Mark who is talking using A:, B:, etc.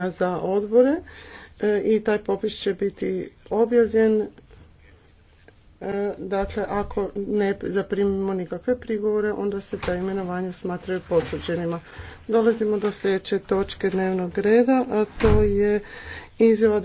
A: za odbore e, i taj popis će biti objavljen. E, dakle, ako ne zaprimimo nikakve prigovore, onda se ta imenovanja smatraju potvrđenima. Dolazimo do sljedeće točke dnevnog reda,
B: a to je izjava